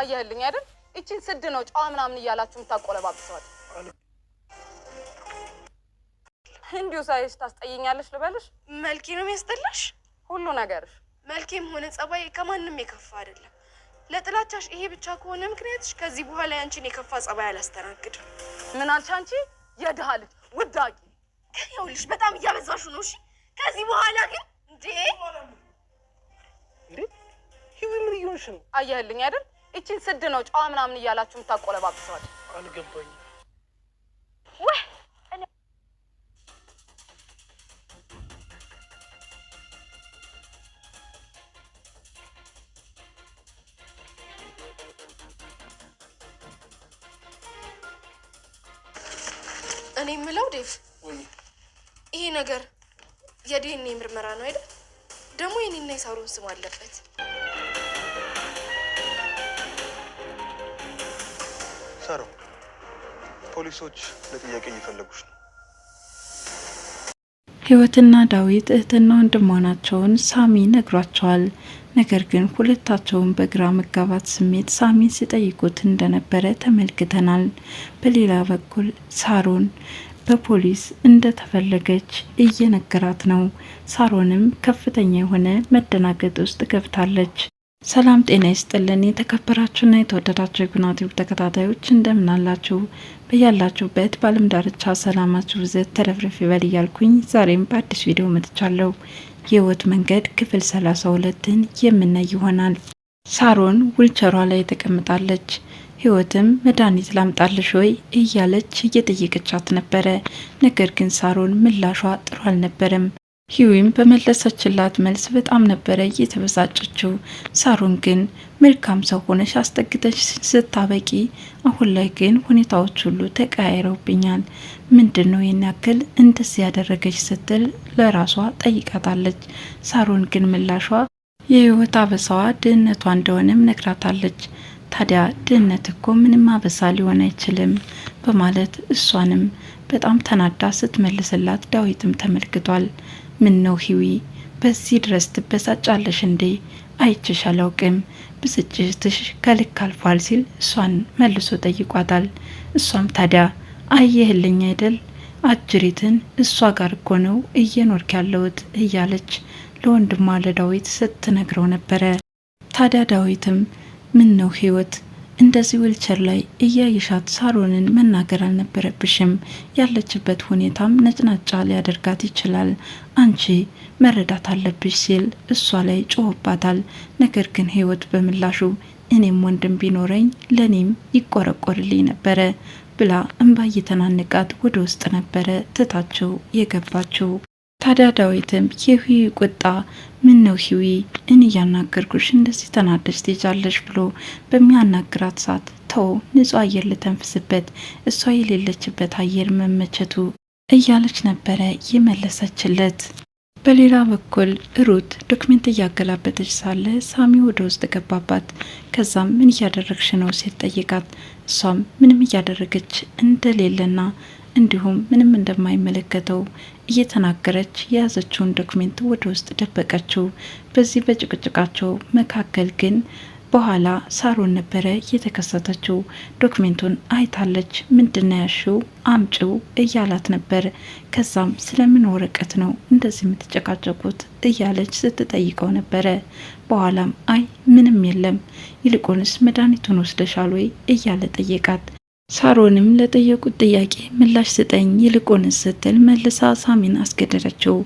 አየህልኝ አይደል? ይቺን ስድ ነው ጨዋ ምናምን እያላችሁ የምታቆለባብሰዋል። እንዲሁ ሳይሽ ታስጠይኛለሽ ልበልሽ? መልኬ ነው የሚያስጠላሽ? ሁሉ ነገርሽ መልኬም ሆነ ጸባይ ከማንም የከፋ አይደለም። ለጥላቻሽ ይሄ ብቻ ከሆነ ምክንያትሽ ከዚህ በኋላ ያንቺን የከፋ ጸባይ አላስተናግድም። ምን አልሽ አንቺ? የድሃ ልጅ ውዳቂ። ይኸውልሽ በጣም እያበዛሹ ነው። እሺ ከዚህ በኋላ ግን እንዴ! እንዴ! ምን እየሆንሽ ነው? አየህልኝ አይደል ይችን ስድ ነው ጨዋ ምናምን እያላችሁ የምታቆለባብሰዋል። አልገባኝ ወይ እኔ የምለው ዴቭ ይሄ ነገር የዲኤንኤ ምርመራ ነው አይደል? ደግሞ የኔና የሳሩን ስም አለበት። ሳረው ፖሊሶች ለጥያቄ እየፈለጉች ነው። ህይወትና ዳዊት እህትና ወንድማናቸውን መሆናቸውን ሳሚ ነግሯቸዋል። ነገር ግን ሁለታቸውን በግራ መጋባት ስሜት ሳሚን ሲጠይቁት እንደነበረ ተመልክተናል። በሌላ በኩል ሳሮን በፖሊስ እንደተፈለገች እየነገራት ነው። ሳሮንም ከፍተኛ የሆነ መደናገጥ ውስጥ ገብታለች። ሰላም ጤና ይስጥልን። የተከበራችሁና የተወደዳችሁ የጉና ቲዩብ ተከታታዮች እንደምን አላችሁ? በያላችሁበት በዓለም ዳርቻ ሰላማችሁ ብዘት ተረፍረፍ ይበል እያልኩኝ ዛሬም በአዲስ ቪዲዮ መጥቻለሁ። የህይወት መንገድ ክፍል ሰላሳ ሁለትን የምናይ ይሆናል። ሳሮን ውልቸሯ ላይ ተቀምጣለች። ህይወትም መድኃኒት ላምጣልሽ ወይ እያለች እየጠየቀቻት ነበረ። ነገር ግን ሳሮን ምላሿ ጥሩ አልነበረም። ሂዊም በመለሰችላት መልስ በጣም ነበረ እየተበሳጨችው። ሳሩን ግን መልካም ሰው ሆነሽ አስጠግተሽ ስታበቂ፣ አሁን ላይ ግን ሁኔታዎች ሁሉ ተቀያይረውብኛል። ምንድን ነው የናክል እንደዚህ ያደረገች ስትል ለራሷ ጠይቃታለች። ሳሩን ግን ምላሿ የህይወት አበሳዋ ድህነቷ እንደሆነም ነግራታለች። ታዲያ ድህነት እኮ ምንም አበሳ ሊሆን አይችልም በማለት እሷንም በጣም ተናዳ ስትመልስላት ዳዊትም ተመልክቷል። ምን ነው ሂዊ በዚህ ድረስ ትበሳጫለሽ እንዴ? አይችሽ አላውቅም ብስጭትሽ ከልክ አልፏል ሲል እሷን መልሶ ጠይቋታል። እሷም ታዲያ አየህልኝ አይደል አጅሪትን እሷ ጋር እኮ ነው እየኖርክ ያለውት እያለች ለወንድሟ ለዳዊት ስትነግረው ነበረ። ታዲያ ዳዊትም ምን ነው ህይወት እንደዚህ ዊልቸር ላይ እያየሻት ሳሮንን መናገር አልነበረብሽም። ያለችበት ሁኔታም ነጭናጫ ሊያደርጋት ይችላል፣ አንቺ መረዳት አለብሽ ሲል እሷ ላይ ጮሆባታል። ነገር ግን ህይወት በምላሹ እኔም ወንድም ቢኖረኝ ለእኔም ይቆረቆርልኝ ነበረ ብላ እንባ እየተናነቃት ወደ ውስጥ ነበረ ትታቸው የገባቸው። ታዲያ ዳዊትም የሂዊ ቁጣ ምን ነው ሂዊ እኔ እያናገርኩሽ እንደዚህ ተናደሽ ትሄጃለሽ ብሎ በሚያናግራት ሰዓት ተው ንጹህ አየር ልተንፍስበት እሷ የሌለችበት አየር መመቸቱ እያለች ነበረ የመለሰችለት። በሌላ በኩል ሩት ዶክመንት እያገላበጠች ሳለ ሳሚ ወደ ውስጥ ገባባት። ከዛም ምን እያደረግሽ ነው ሴት ጠይቃት እሷም ምንም እያደረገች እንደሌለና እንዲሁም ምንም እንደማይመለከተው እየተናገረች የያዘችውን ዶክሜንት ወደ ውስጥ ደበቀችው። በዚህ በጭቅጭቃቸው መካከል ግን በኋላ ሳሮን ነበረ እየተከሰተችው ዶክሜንቱን አይታለች። ምንድን ያሽው አምጪው እያላት ነበር። ከዛም ስለምን ወረቀት ነው እንደዚህ የምትጨቃጨቁት እያለች ስትጠይቀው ነበረ። በኋላም አይ ምንም የለም፣ ይልቁንስ መድኃኒቱን ወስደሻል ወይ እያለ ጠየቃት። ሳሮንም ለጠየቁት ጥያቄ ምላሽ ስጠኝ ይልቁን ስትል መልሳ ሳሚን አስገደደችው።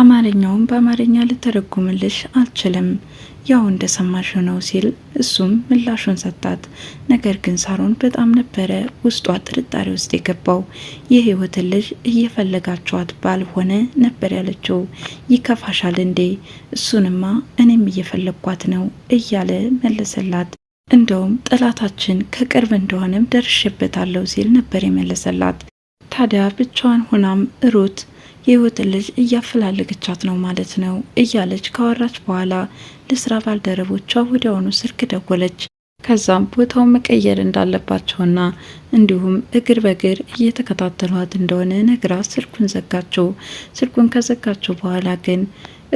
አማርኛውን በአማርኛ ልተረጉምልሽ አልችልም፣ ያው እንደሰማሽው ነው ሲል እሱም ምላሹን ሰጣት። ነገር ግን ሳሮን በጣም ነበረ ውስጧ ጥርጣሬ ውስጥ የገባው የህይወትን ልጅ እየፈለጋችኋት ባልሆነ ነበር ያለችው። ይከፋሻል እንዴ? እሱንማ እኔም እየፈለግኳት ነው እያለ መለሰላት። እንደውም ጠላታችን ከቅርብ እንደሆነም ደርሽበታለሁ ሲል ነበር የመለሰላት። ታዲያ ብቻዋን ሆናም ሩት የህይወትን ልጅ እያፈላለገቻት ነው ማለት ነው እያለች ካወራች በኋላ ለስራ ባልደረቦቿ ወዲያውኑ ስልክ ደወለች። ከዛም ቦታው መቀየር እንዳለባቸውና እንዲሁም እግር በእግር እየተከታተሏት እንደሆነ ነግራ ስልኩን ዘጋቸው። ስልኩን ከዘጋቸው በኋላ ግን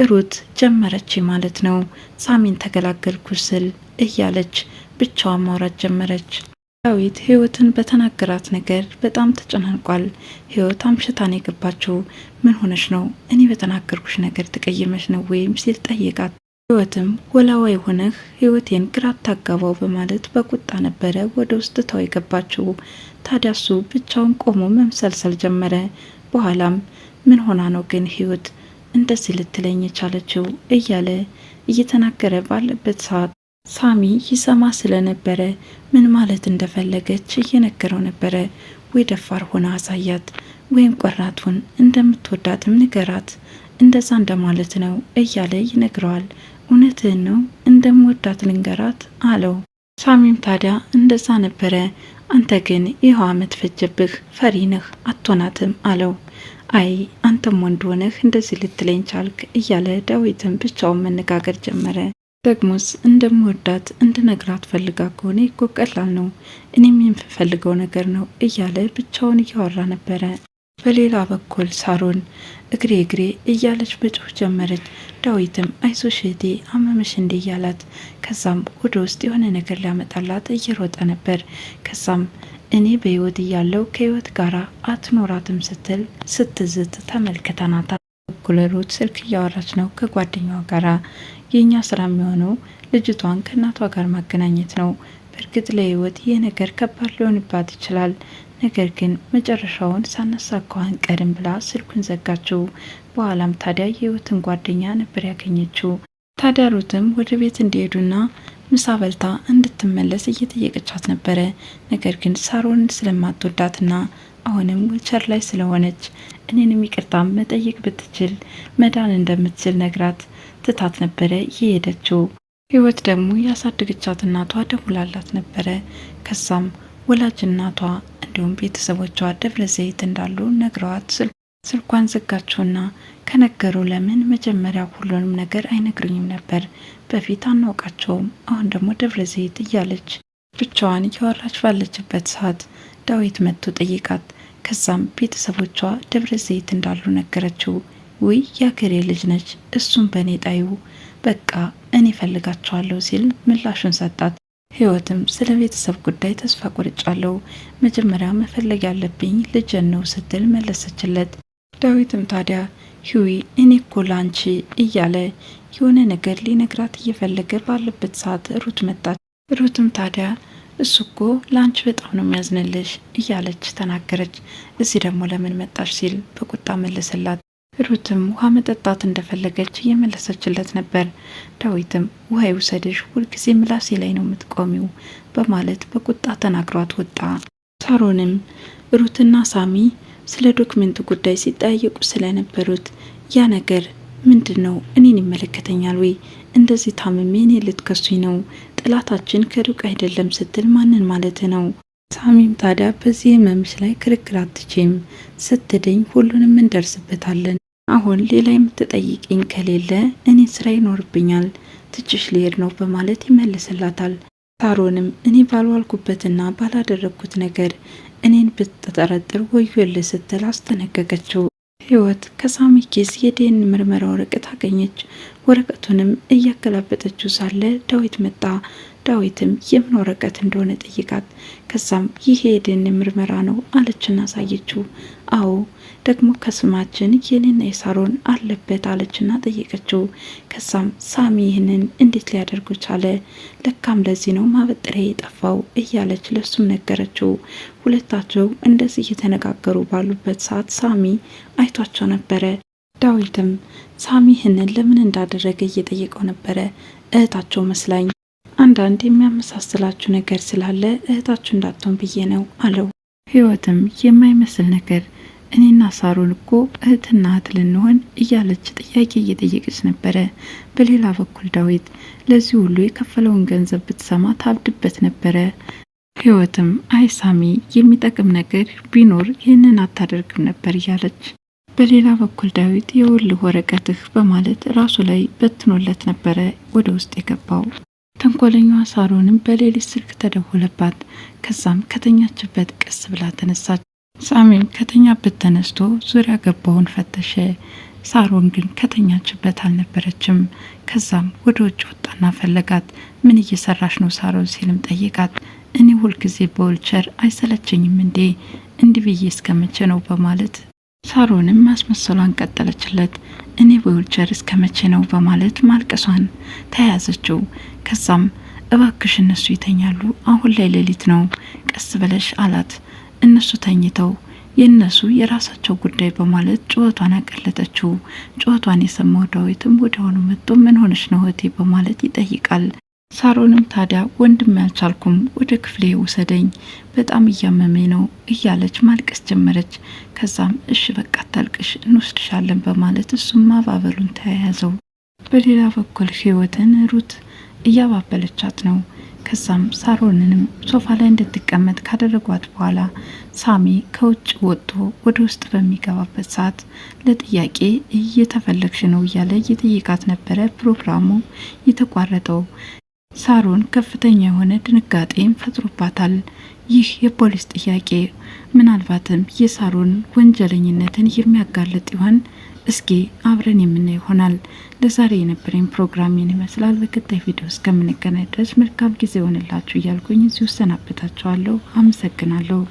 ሩት ጀመረች ማለት ነው። ሳሚን ተገላገልኩ ስል እያለች ብቻዋ ማውራት ጀመረች። ዳዊት ህይወትን በተናገራት ነገር በጣም ተጨናንቋል። ህይወት አምሽታን የገባችው ምን ሆነች ነው? እኔ በተናገርኩሽ ነገር ተቀየመች ነው ወይም ሲል ጠየቃት። ህይወትም ወላዋ የሆነህ ህይወቴን ግራ አታጋባው በማለት በቁጣ ነበረ ወደ ውስጥ ታው የገባችው። ታዲያ እሱ ብቻውን ቆሞ መምሰልሰል ጀመረ። በኋላም ምን ሆና ነው ግን ህይወት እንደዚህ ልትለኝ የቻለችው እያለ እየተናገረ ባለበት ሰዓት ሳሚ ይሰማ ስለነበረ ምን ማለት እንደፈለገች እየነገረው ነበረ። ወይ ደፋር ሆነ አሳያት፣ ወይም ቆራቱን እንደምትወዳትም ንገራት፣ እንደዛ እንደማለት ነው እያለ ይነግረዋል። እውነትህን ነው እንደምወዳት ልንገራት አለው። ሳሚም ታዲያ እንደዛ ነበረ፣ አንተ ግን ይኸው አመት ፈጀብህ፣ ፈሪ ነህ፣ አትሆናትም አለው። አይ አንተም ወንድ ሆነህ እንደዚህ ልትለኝ ቻልክ እያለ ዳዊትን ብቻውን መነጋገር ጀመረ። ደግሞስ እንደምወዳት እንድነግራት ፈልጋ ከሆነ እኮ ቀላል ነው፣ እኔም የምፈልገው ነገር ነው እያለ ብቻውን እያወራ ነበረ። በሌላ በኩል ሳሮን እግሬ እግሬ እያለች መጮህ ጀመረች። ዳዊትም አይሶሽቴ እህቴ አመመሽ እንዴ እያላት ከዛም ወደ ውስጥ የሆነ ነገር ሊያመጣላት እየሮጠ ነበር። ከዛም እኔ በህይወት እያለው ከህይወት ጋር አትኖራትም ስትል ስትዝት ተመልክተናታል። እኩለ ስልክ እያወራች ነው ከጓደኛዋ ጋር የእኛ ስራ የሚሆነው ልጅቷን ከእናቷ ጋር ማገናኘት ነው። በእርግጥ ለህይወት ይህ ነገር ከባድ ሊሆንባት ይችላል። ነገር ግን መጨረሻውን ሳናሳካው ቀድም ብላ ስልኩን ዘጋችው። በኋላም ታዲያ የህይወትን ጓደኛ ነበር ያገኘችው። ታዲያ ሩትም ወደ ቤት እንዲሄዱና ምሳ በልታ እንድትመለስ እየጠየቀቻት ነበረ። ነገር ግን ሳሮን ስለማትወዳትና አሁንም ዊልቸር ላይ ስለሆነች እኔንም ይቅርታ መጠየቅ ብትችል መዳን እንደምትችል ነግራት ትታት ነበረ የሄደችው። ህይወት ደግሞ ያሳደገቻት እናቷ ደውላላት ነበረ። ከዛም ወላጅ እናቷ እንዲሁም ቤተሰቦቿ ደብረ ዘይት እንዳሉ ነግረዋት ስልኳን ዘጋችውና ከነገሩ ለምን መጀመሪያ ሁሉንም ነገር አይነግሩኝም ነበር? በፊት አናውቃቸውም። አሁን ደግሞ ደብረ ዘይት እያለች ብቻዋን እያወራች ባለችበት ሰዓት ዳዊት መጥቶ ጠይቃት ከዛም ቤተሰቦቿ ደብረ ዘይት እንዳሉ ነገረችው። ውይ የአገሬ ልጅ ነች፣ እሱም በእኔ ጣዩ፣ በቃ እኔ ፈልጋቸዋለሁ ሲል ምላሹን ሰጣት። ህይወትም ስለ ቤተሰብ ጉዳይ ተስፋ ቆርጫለሁ፣ መጀመሪያ መፈለግ ያለብኝ ልጅን ነው ስትል መለሰችለት። ዳዊትም ታዲያ ሂዊ እኔ እኮ ላንቺ እያለ የሆነ ነገር ሊነግራት እየፈለገ ባለበት ሰዓት ሩት መጣች። ሩትም ታዲያ እሱ እኮ ለአንቺ በጣም ነው የሚያዝንልሽ እያለች ተናገረች። እዚህ ደግሞ ለምን መጣሽ ሲል በቁጣ መለሰላት። ሩትም ውሃ መጠጣት እንደፈለገች እየመለሰችለት ነበር። ዳዊትም ውሃ ይውሰድሽ፣ ሁልጊዜ ምላሴ ላይ ነው የምትቆሚው በማለት በቁጣ ተናግሯት ወጣ። ሳሮንም ሩትና ሳሚ ስለ ዶክመንቱ ጉዳይ ሲጠያየቁ ስለነበሩት ያ ነገር ምንድን ነው እኔን ይመለከተኛል ወይ? እንደዚህ ታምሜ እኔ ልትከሱኝ ነው ጥላታችን ከሩቅ አይደለም ስትል ማንን ማለት ነው? ሳሚም ታዲያ በዚህ መምሽ ላይ ክርክር አትችም፣ ስትድኝ ሁሉንም እንደርስበታለን። አሁን ሌላ የምትጠይቅኝ ከሌለ እኔ ስራ ይኖርብኛል፣ ትችሽ ሊሄድ ነው በማለት ይመልስላታል። ሳሮንም እኔ ባልዋልኩበትና ባላደረግኩት ነገር እኔን ብትጠረጥር ወዮልህ ስትል አስጠነቀቀችው። ህይወት ከሳሚ ኪስ የዲኤን ምርመራ ወረቀት አገኘች። ወረቀቱንም እያገላበጠችው ሳለ ዳዊት መጣ። ዳዊትም የምን ወረቀት እንደሆነ ጠይቃት። ከዛም ይሄ የዲኤን ምርመራ ነው አለችና አሳየችው። አዎ ደግሞ ከስማችን የኔና የሳሮን አለበት አለችና ጠየቀችው። ከዛም ሳሚ ይህንን እንዴት ሊያደርጉ ቻለ? ለካም ለዚህ ነው ማበጠሪያ የጠፋው እያለች ለሱም ነገረችው። ሁለታቸው እንደዚህ እየተነጋገሩ ባሉበት ሰዓት ሳሚ አይቷቸው ነበረ። ዳዊትም ሳሚ ይህንን ለምን እንዳደረገ እየጠየቀው ነበረ። እህታቸው መስላኝ አንዳንድ የሚያመሳስላችሁ ነገር ስላለ እህታችሁ እንዳትሆን ብዬ ነው አለው። ህይወትም የማይመስል ነገር እኔና ሳሮን እኮ እህትና እህት ልንሆን እያለች ጥያቄ እየጠየቀች ነበረ። በሌላ በኩል ዳዊት ለዚህ ሁሉ የከፈለውን ገንዘብ ብትሰማ ታብድበት ነበረ። ህይወትም አይ ሳሚ የሚጠቅም ነገር ቢኖር ይህንን አታደርግም ነበር እያለች፣ በሌላ በኩል ዳዊት የውልህ ወረቀትህ በማለት ራሱ ላይ በትኖለት ነበረ ወደ ውስጥ የገባው። ተንኮለኛዋ ሳሮንም በሌሊት ስልክ ተደወለባት። ከዛም ከተኛችበት ቀስ ብላ ተነሳች። ሳሚም ከተኛበት ተነስቶ ዙሪያ ገባውን ፈተሸ። ሳሮን ግን ከተኛችበት አልነበረችም። ከዛም ወደ ውጭ ወጣና ፈለጋት። ምን እየሰራሽ ነው ሳሮን ሲልም ጠይቃት። እኔ ሁልጊዜ በወልቸር አይሰለቸኝም እንዴ እንዲህ ብዬ እስከመቼ ነው በማለት ሳሮንም ማስመሰሏን ቀጠለችለት። እኔ በወልቸር እስከመቼ ነው በማለት ማልቀሷን ተያያዘችው። ከዛም እባክሽ እነሱ ይተኛሉ፣ አሁን ላይ ሌሊት ነው፣ ቀስ ብለሽ አላት። እነሱ ተኝተው የእነሱ የራሳቸው ጉዳይ በማለት ጩኸቷን አቀለጠችው። ጩኸቷን የሰማው ዳዊትም ወዲያውኑ መጥቶ ምን ሆነች ነው እህቴ በማለት ይጠይቃል። ሳሮንም ታዲያ ወንድም ያልቻልኩም ወደ ክፍሌ ውሰደኝ፣ በጣም እያመመኝ ነው እያለች ማልቀስ ጀመረች። ከዛም እሽ በቃ ታልቅሽ እንወስድሻለን በማለት እሱም ማባበሉን ተያያዘው። በሌላ በኩል ህይወትን ሩት እያባበለቻት ነው። ከዛም ሳሮንንም ሶፋ ላይ እንድትቀመጥ ካደረጓት በኋላ ሳሚ ከውጭ ወጥቶ ወደ ውስጥ በሚገባበት ሰዓት ለጥያቄ እየተፈለግሽ ነው እያለ እየጠየቃት ነበረ። ፕሮግራሙ የተቋረጠው ሳሮን ከፍተኛ የሆነ ድንጋጤም ፈጥሮባታል። ይህ የፖሊስ ጥያቄ ምናልባትም የሳሮን ወንጀለኝነትን የሚያጋልጥ ይሆን? እስኪ አብረን የምናየው ይሆናል። ለዛሬ የነበረኝ ፕሮግራም ይህን ይመስላል። በቀጣይ ቪዲዮ እስከምንገናኝ ድረስ መልካም ጊዜ ሆንላችሁ እያልኩኝ እዚሁ እሰናበታችኋለሁ። አመሰግናለሁ።